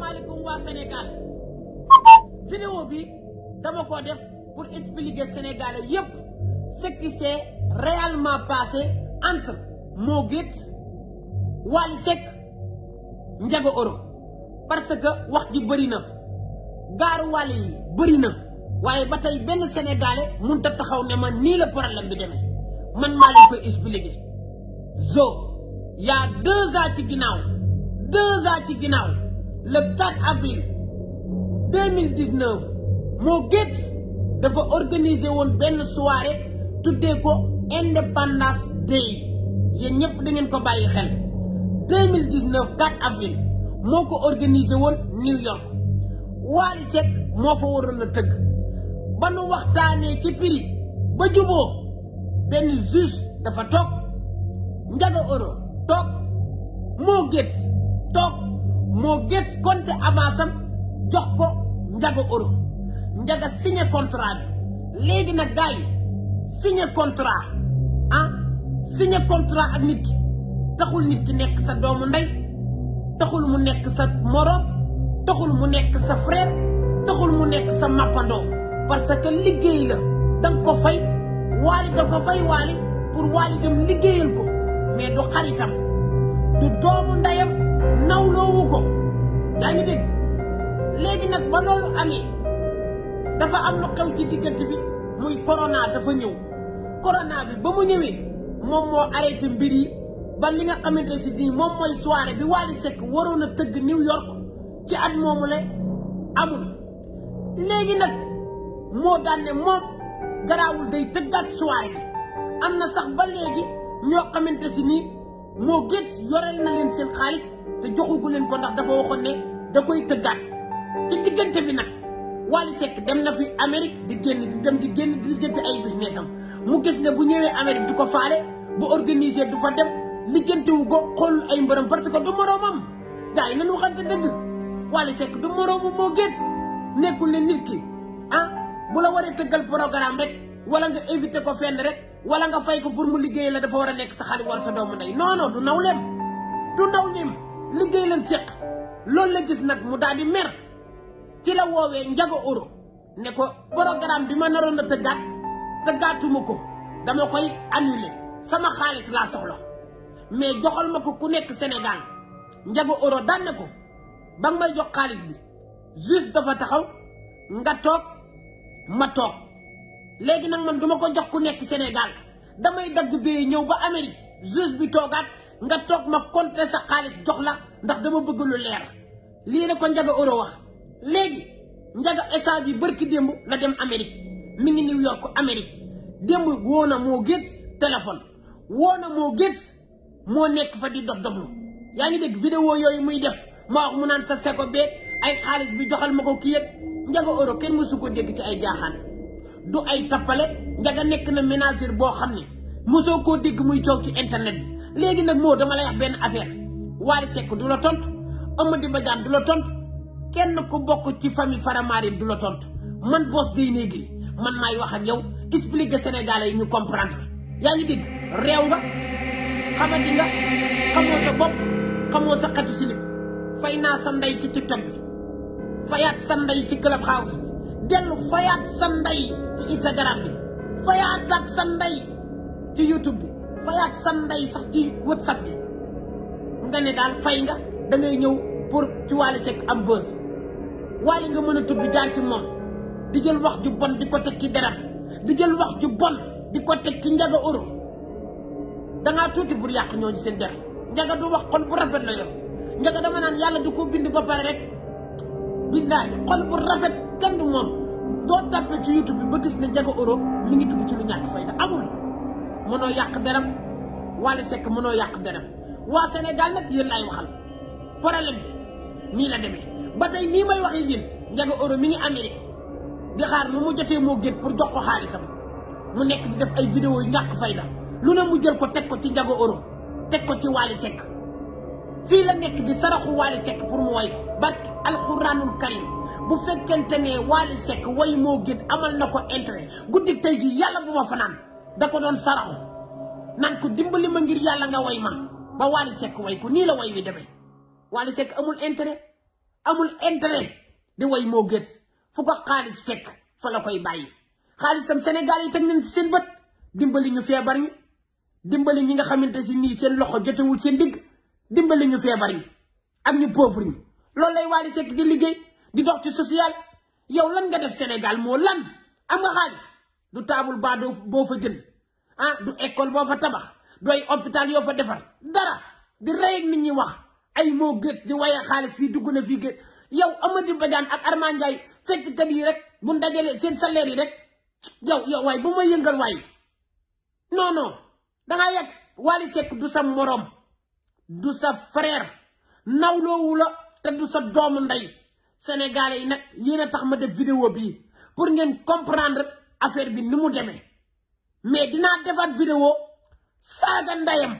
asalaamaaleykum waa Sénégal vidéo bi dama ko def pour expliquer Sénégalais yépp ce qui s'est réellement passé entre Mo Gates Wally Seck Ndiaga Euro parce que wax ji bëri na gaaru Wally yi bëri na waaye ba tey benn Sénégalais mënut a taxaw ne ma nii la problème bi demee man maa leen koy expliquer zo yaa deux ci ginnaaw deux ci ginnaaw le 4 avril 2019 Mo dafa organiser woon benn soirée tuddee ko Independence Day yéen ñëpp da ngeen ko bàyyi xel 2019 4 avril moo ko organise woon New York Wally moo fa waroon a tëgg ba nu waxtaanee ci prix ba juboo benn juge dafa toog Ndiaga Euro toog Mo Gates toog moo gét compte avance jox ko njaga euro njaga signé contrat bi léegi nag gars yi signé contrat ah signé contrat ak nit ki taxul nit ki nekk sa doomu ndey taxul mu nekk sa moroom taxul mu nekk sa frère taxul mu nekk sa mappandoo parce que liggéey la danga ko fay waali dafa fay waali pour waali dem liggéeyal ko mais du xaritam du doomu ndeyam nawloowu ko yaa ngi dégg léegi nag ba loolu amee dafa am lu xew ci diggante bi muy corona dafa ñëw corona bi ba mu ñëwee moom moo arrêté mbir yi ba li nga xamante si nii moom mooy soirée bi Wally Seck waroon a tëgg New York ci at moomu la amul léegi nag moo daan moom garaawul day tëggaat soirée bi am na sax ba léegi ñoo xamante si nii moo gét yoreel na leen seen xaalis te joxugu leen ko ndax dafa waxoon ne da koy tëggaat te diggante bi nag Wally Seck dem na fi Amérique di génn di dem di génn di lijjanti ay business am mu gis ne bu ñëwee Amérique di ko faale bu organisé du fa dem lijjantiwu ko xoolul ay mbërëm parce que du moroomam gars yi nañu waxante dëgg Wally Seck du moroomu moo gën nekkul ne nit kii ah bu la waree tëggal programme rek wala nga invité ko fenn rek wala nga fay ko pour mu liggéey la dafa war a nekk sa xarit wala sa doomu ndey non non du nawleem du ngeen séq loolu la gis nag mu daal di mer ci la woowee njaga oro ne ko programme bi ma naroon na tëggaat tëggaatuma ko dama koy annulé sama xaalis laa soxla mais joxal ma ko ku nekk Sénégal njaga oro daan ko ba nga may jox xaalis bi juste dafa taxaw nga toog ma toog léegi nag man duma ko jox ku nekk Sénégal damay dagg bee ñëw ba Amérique juste bi toogaat nga toog ma compter sa xaalis jox la ndax dama bëgg lu leer lii la ko Ndiaga Euro wax léegi Ndiaga esa bi bërki démb la dem Amérique mu ngi New York Amérique démb woo na moo Gates téléphone woo na moo Gates moo nekk fa di dof doflu yaa ngi dégg vidéo yooyu muy def ma wax mu naan sa seko beeg ay xaalis bi joxal ma ko kii yëpp Ndiaga Euro kenn mësu koo dégg ci ay jaaxaan du ay tappale Ndiaga nekk na ménagère boo xam ne mosoo koo dégg muy coow ci internet bi léegi nag moo dama lay wax benn affaire Waly Seck du la tontu Amady Badiane du la tontu kenn ku bokk ci famille Faramareen du la tontu man boos Gueye Negri man maay wax ak yow expliquer Sénégalais yi ñu comprendre yaa ngi dégg réew nga xamati nga xamoo bopp xamoo sa silib fay naa sa ndey ci tiktok bi fayaat sa ndey ci club house bi dellu fayaat sa ndey ci instagram bi fayaat ak ci youtube bi fayaat sa sax ci whatsapp bi nga ne daal fay nga da ngay ñëw pour ci Wally Seck am bës Wally nga mën a tudd jaar ci di jël wax ju bon di ko teg ci deram di jël wax ju bon di ko teg ci njaga oro tuuti pour yàq ñooñu seen der njaga du wax xol bu rafet la yor dama naan yàlla du ko bind ba pare rek billaahi xol rafet kenn du doo tàppe ci youtube bi ba gis ne njaga oro mi ngi amul mënoo yàq deram Wally Seck mënoo yàq deram waa Sénégal nag yéen laay waxal problème bi nii la demee ba tey nii may waxee yéen njaga euro mi ngi di xaar lu mu jotee moo gét pour jox ko xaalisam mu nekk di def ay vidéo yu ñàkk fayda lu ne mu jël ko teg ko ci njaga euro teg ko ci Wally Seck fii la nekk di saraxu Wally Seck pour mu way ko barki alxuraanul karim bu fekkente ne Wally Seck way moo gën amal na ko intérêt guddi tey gi yàlla bu ma fanaan da ko doon saraxu naan ko dimbali ma ngir yàlla nga ma ba Wally Seck way ko nii la way wi demee Wally Seck amul intérêt amul intérêt di way moo gët fu ko xaalis fekk fa la koy bàyyi sam Sénégal yi teg nañ seen bët dimbali ñu feebar ñi dimbali ñi nga xamante si nii seen loxo jotewul seen digg dimbali ñu feebar ñi ak ñu pauvre ñi loolu lay Wally Seck di liggéey di dox ci social yow lan nga def Sénégal moo lan am nga xaalis du taabul baa doo boo fa jënd ah du école boo fa tabax doy hôpital yoo fa defar dara di rey ak nit ñi wax ay moo gét di waye xaalis fii dugg na fii gét yow Amady Badiane ak Armand Ndiaye fekk kat yi rek bu ndajalee seen salaire yi rek yow yow waaye bu ma yëngal waaye non non dangaa yegg Wally Seck du sa morom du sa frère nawloowu te du sa doomu ndey sénégalais yi nag yéen a tax ma def vidéo bii pour ngeen comprendre affaire bi ni mu demee mais dinaa defaat vidéo saaga ndeyam